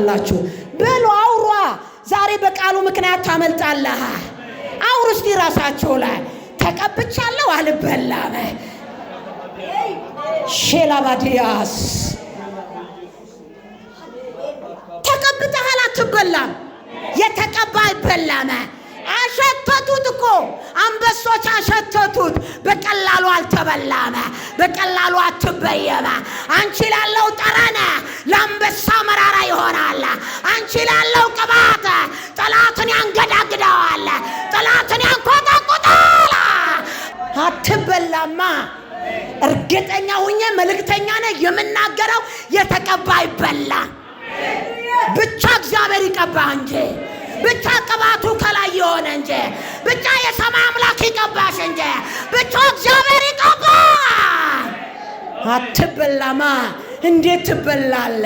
አላችሁ በሉ አውሯ። ዛሬ በቃሉ ምክንያት ታመልጣለህ። አውሩ እስቲ ራሳቸው ላይ ተቀብቻለሁ፣ አልበላም። ሼላባዲያስ ተቀብተሃል፣ አትበላም። የተቀባ አይበላም። አሸተቱት እኮ አንበሶች አሸተቱት። በቀላሉ አልተበላመ፣ በቀላሉ አትበየመ። አንቺ ላለው ጠረነ ለአንበሳ መራራ ይሆናል። አንቺ ላለው ቅባት ጠላትን ያንገዳግደዋል፣ ጠላትን ያንቆጠቁጣል። አትበላማ። እርግጠኛ ሁኜ መልእክተኛ ነ የምናገረው የተቀባ ይበላ ብቻ እግዚአብሔር ይቀባ እንጂ ብቻ ቅባቱ ከላይ የሆነ እንጂ ብቻ የሰማይ አምላክ ይቀባሽ እንጂ ብቻ እግዚአብሔር ይቀባ። አትበላማ። እንዴት ትበላለ?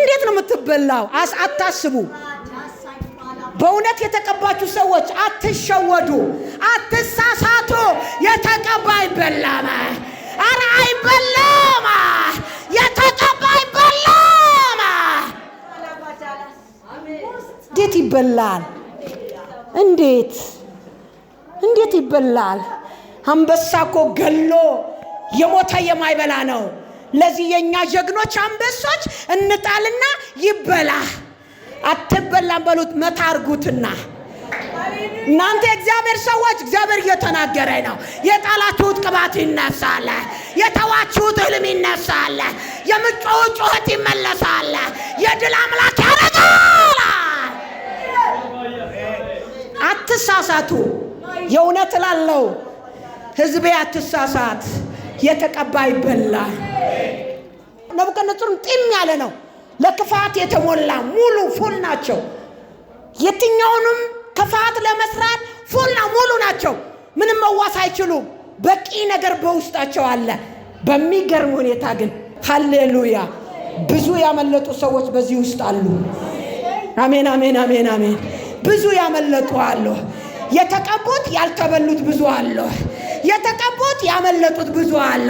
እንዴት ነው የምትበላው? አታስቡ። በእውነት የተቀባችሁ ሰዎች አትሸወዱ፣ አትሳሳቱ። የተቀባ ይበላማ። ይበላል? እንዴት እንዴት ይበላል? አንበሳ እኮ ገሎ የሞተ የማይበላ ነው። ለዚህ የእኛ ጀግኖች አንበሶች እንጣልና ይበላ አትበላም በሉት መታርጉትና እናንተ የእግዚአብሔር ሰዎች እግዚአብሔር እየተናገረ ነው። የጣላችሁት ቅባት ይነሳለ። የተዋችሁት ህልም ይነሳለ። የምጮው ጩኸት ይመለሳለ። የድል አትሳሳቱ። የእውነት እላለሁ ህዝቤ አትሳሳት። የተቀባ ይበላል ነቡከደነጾርም ጢም ያለ ነው፣ ለክፋት የተሞላ ሙሉ ፉል ናቸው። የትኛውንም ክፋት ለመስራት ፉልና ሙሉ ናቸው። ምንም መዋስ አይችሉም። በቂ ነገር በውስጣቸው አለ። በሚገርም ሁኔታ ግን ሀሌሉያ ብዙ ያመለጡ ሰዎች በዚህ ውስጥ አሉ። አሜን፣ አሜን፣ አሜን፣ አሜን። ብዙ ያመለጡ አሉ። የተቀቡት ያልተበሉት ብዙ አሉ። የተቀቡት ያመለጡት ብዙ አሉ።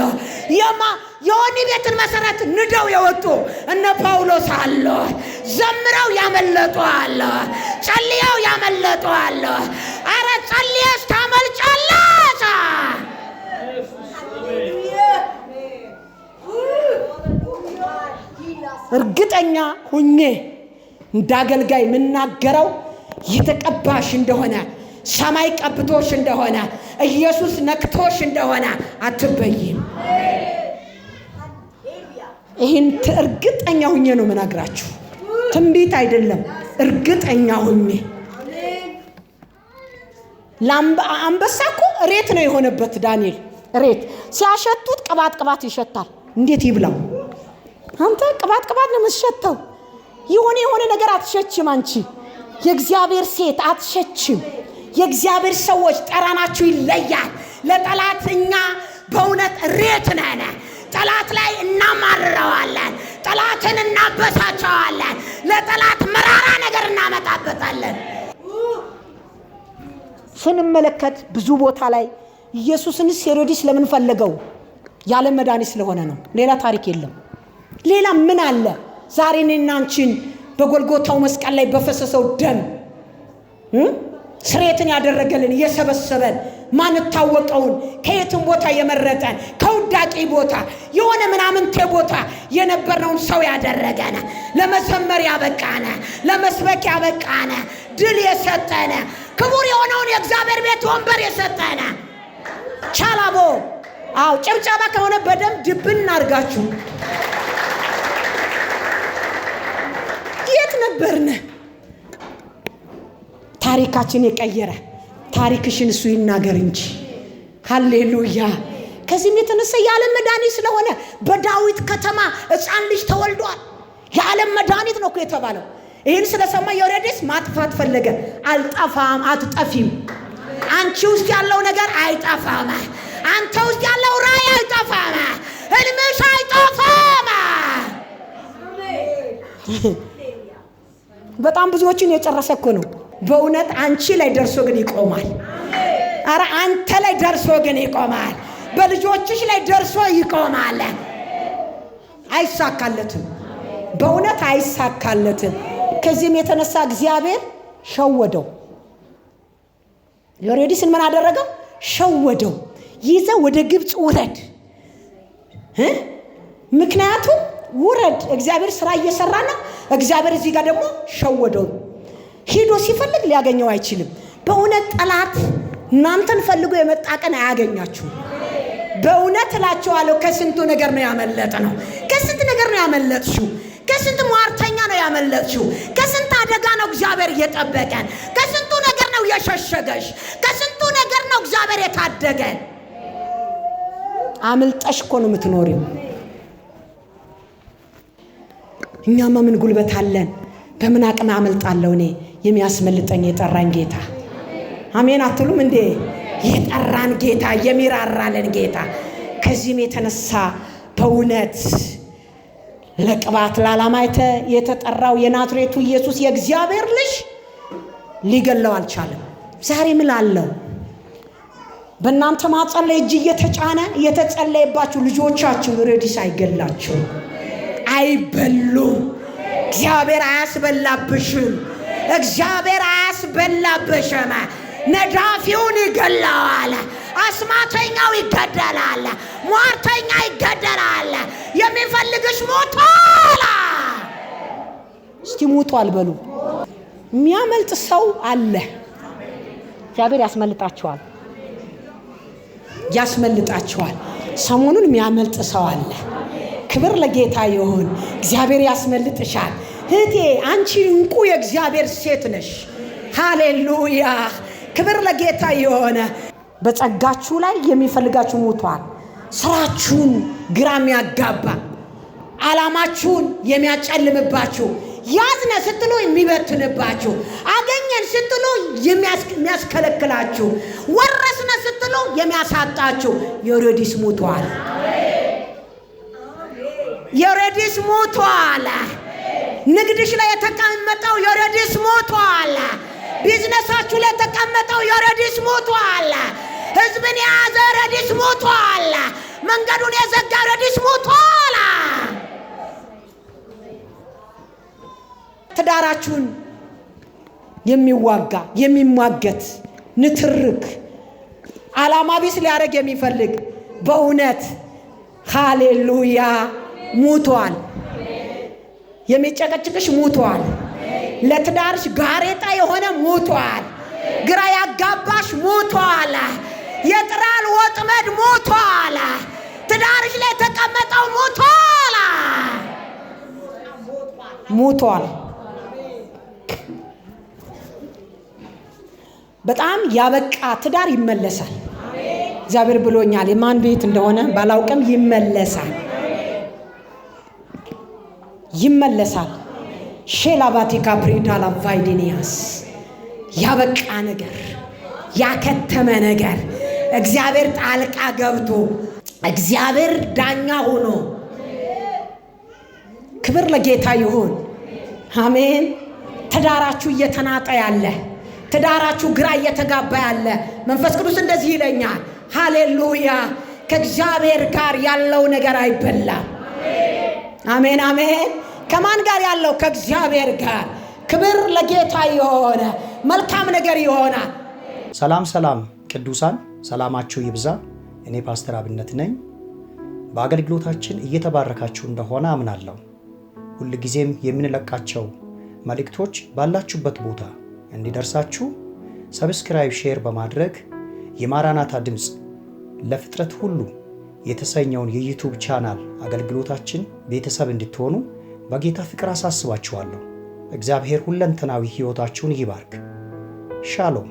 የማ የወህኒ ቤትን መሰረት ንደው የወጡ እነ ጳውሎስ አሉ። ዘምረው ያመለጡ አሉ። ጸልየው ያመለጡ አሉ። አረ ጸልየስ ታመልጫለሽ። እርግጠኛ ሁኜ እንዳገልጋይ የምናገረው የተቀባሽ እንደሆነ ሰማይ ቀብቶሽ እንደሆነ ኢየሱስ ነክቶሽ እንደሆነ አትበይም። ይህን እርግጠኛ ሁኜ ነው የምነግራችሁ። ትንቢት አይደለም፣ እርግጠኛ ሁኜ አንበሳ እኮ ሬት ነው የሆነበት። ዳንኤል ሬት ሲያሸቱት ቅባት ቅባት ይሸታል። እንዴት ይብላው? አንተ ቅባት ቅባት ነው የምትሸተው። የሆነ የሆነ ነገር አትሸችም አንቺ የእግዚአብሔር ሴት አትሸችም። የእግዚአብሔር ሰዎች ጠራናችሁ ይለያል። ለጠላት እኛ በእውነት ሬት ነነ ጠላት ላይ እናማርረዋለን። ጠላትን እናበሳቸዋለን። ለጠላት መራራ ነገር እናመጣበታለን። ስንመለከት ብዙ ቦታ ላይ ኢየሱስንስ ሄሮድስ ለምን ፈለገው? ያለ መድኃኒት ስለሆነ ነው። ሌላ ታሪክ የለም። ሌላ ምን አለ? ዛሬን እናንቺን በጎልጎታው መስቀል ላይ በፈሰሰው ደም ስሬትን ያደረገልን እየሰበሰበን ማንታወቀውን ከየትም ቦታ የመረጠን ከውዳቂ ቦታ የሆነ ምናምንቴ ቦታ የነበርነውን ሰው ያደረገነ ለመዘመር ያበቃነ ለመስበክ ያበቃነ ድል የሰጠነ ክቡር የሆነውን የእግዚአብሔር ቤት ወንበር የሰጠነ ቻላቦ አው ጭብጨባ ከሆነ በደንብ ድብን እናርጋችሁ ነበርን። ታሪካችን የቀየረ ታሪክሽን እሱ ይናገር እንጂ ሀሌሉያ። ከዚህም የተነሳ የዓለም መድኃኒት ስለሆነ በዳዊት ከተማ ሕፃን ልጅ ተወልዷል። የዓለም መድኃኒት ነው እኮ የተባለው። ይህን ስለሰማ ሄሮድስ ማጥፋት ፈለገ። አልጠፋም፣ አትጠፊም። አንቺ ውስጥ ያለው ነገር አይጠፋም። አንተ ውስጥ ያለው ራእይ አይጠፋም። ህልምሽ አይጠፋም። በጣም ብዙዎችን የጨረሰ እኮ ነው። በእውነት አንቺ ላይ ደርሶ ግን ይቆማል። አረ አንተ ላይ ደርሶ ግን ይቆማል። በልጆችሽ ላይ ደርሶ ይቆማል። አይሳካለትም፣ በእውነት አይሳካለትም። ከዚህም የተነሳ እግዚአብሔር ሸወደው። ሎሬዲስን ምን አደረገ? ሸወደው። ይዘ ወደ ግብፅ ውረድ። ምክንያቱም ውረድ። እግዚአብሔር ስራ እየሰራ ነው። እግዚአብሔር እዚህ ጋር ደግሞ ሸወደው። ሂዶ ሲፈልግ ሊያገኘው አይችልም። በእውነት ጠላት እናንተን ፈልጎ የመጣ ቀን አያገኛችሁም። በእውነት እላችኋለሁ ከስንቱ ነገር ነው ያመለጥ ነው። ከስንት ነገር ነው ያመለጥሽው። ከስንት ሟርተኛ ነው ያመለጥሽው። ከስንት አደጋ ነው እግዚአብሔር እየጠበቀን። ከስንቱ ነገር ነው የሸሸገሽ። ከስንቱ ነገር ነው እግዚአብሔር የታደገን። አምልጠሽ እኮ ነው የምትኖሪው። እኛማ ምን ጉልበት አለን? በምን አቅም አመልጣለሁ እኔ? የሚያስመልጠኝ የጠራኝ ጌታ። አሜን አትሉም እንዴ? የጠራን ጌታ፣ የሚራራለን ጌታ። ከዚህም የተነሳ በእውነት ለቅባት ላላማይተ የተጠራው የናዝሬቱ ኢየሱስ የእግዚአብሔር ልጅ ሊገለው አልቻለም። ዛሬ አለው በእናንተ ማጸለይ እጅ እየተጫነ እየተጸለየባችሁ ልጆቻችሁ ርዕድስ አይገላችሁም። አይበሉ! እግዚአብሔር አያስበላብሽም። እግዚአብሔር አያስበላብሽም። ነዳፊውን ይገላዋል። አስማተኛው ይገደላል። ሟርተኛ ይገደላል። የሚፈልግሽ ሞቷል። እስቲ ሞቷል በሉ። የሚያመልጥ ሰው አለ። እግዚአብሔር ያስመልጣቸዋል፣ ያስመልጣቸዋል። ሰሞኑን የሚያመልጥ ሰው አለ። ክብር ለጌታ ይሁን። እግዚአብሔር ያስመልጥሻል እህቴ። አንቺ እንቁ የእግዚአብሔር ሴት ነሽ። ሃሌሉያ! ክብር ለጌታ የሆነ በጸጋችሁ ላይ የሚፈልጋችሁ ሙቷል ስራችሁን ግራ የሚያጋባ አላማችሁን የሚያጨልምባችሁ ያዝነ ስትሉ የሚበትንባችሁ አገኘን ስትሉ የሚያስከለክላችሁ ወረስነ ስትሉ የሚያሳጣችሁ የሮዲስ ሙቷል። ሄሮድስ ሞቷል። ንግድሽ ላይ የተቀመጠው ሄሮድስ ሞቷል። ቢዝነሳችሁ ላይ የተቀመጠው ሄሮድስ ሞቷል። ህዝብን የያዘ ሞቶ ሞቷል። መንገዱን የዘጋ ሄሮድስ ሞቷል። ትዳራችሁን የሚዋጋ የሚሟገት ንትርክ አላማ ቢስ ሊያደርግ የሚፈልግ በእውነት ሃሌሉያ ሙቷል። የሚጨቀጭቅሽ ሙቷል። ለትዳርሽ ጋሬጣ የሆነ ሙቷል። ግራ ያጋባሽ ሙቷል። የጥራል ወጥመድ ሙቷል። ትዳርሽ ላይ የተቀመጠው ሙቷል። ሙቷል። በጣም ያበቃ ትዳር ይመለሳል። እግዚአብሔር ብሎኛል። የማን ቤት እንደሆነ ባላውቅም ይመለሳል። ይመለሳል። ሼላባቲካ ፕሪዳላ ቫይዲኒያስ ያበቃ ነገር ያከተመ ነገር እግዚአብሔር ጣልቃ ገብቶ እግዚአብሔር ዳኛ ሆኖ ክብር ለጌታ ይሁን። አሜን። ትዳራችሁ እየተናጠ ያለ ትዳራችሁ ግራ እየተጋባ ያለ መንፈስ ቅዱስ እንደዚህ ይለኛል። ሃሌሉያ። ከእግዚአብሔር ጋር ያለው ነገር አይበላም። አሜን አሜን። ከማን ጋር ያለው? ከእግዚአብሔር ጋር። ክብር ለጌታ የሆነ መልካም ነገር ይሆናል። ሰላም ሰላም፣ ቅዱሳን ሰላማችሁ ይብዛ። እኔ ፓስተር አብነት ነኝ። በአገልግሎታችን እየተባረካችሁ እንደሆነ አምናለሁ። ሁልጊዜም የምንለቃቸው መልእክቶች ባላችሁበት ቦታ እንዲደርሳችሁ ሰብስክራይብ፣ ሼር በማድረግ የማራናታ ድምፅ ለፍጥረት ሁሉ የተሰኘውን የዩቱብ ቻናል አገልግሎታችን ቤተሰብ እንድትሆኑ በጌታ ፍቅር አሳስባችኋለሁ። እግዚአብሔር ሁለንተናዊ ሕይወታችሁን ይባርክ። ሻሎም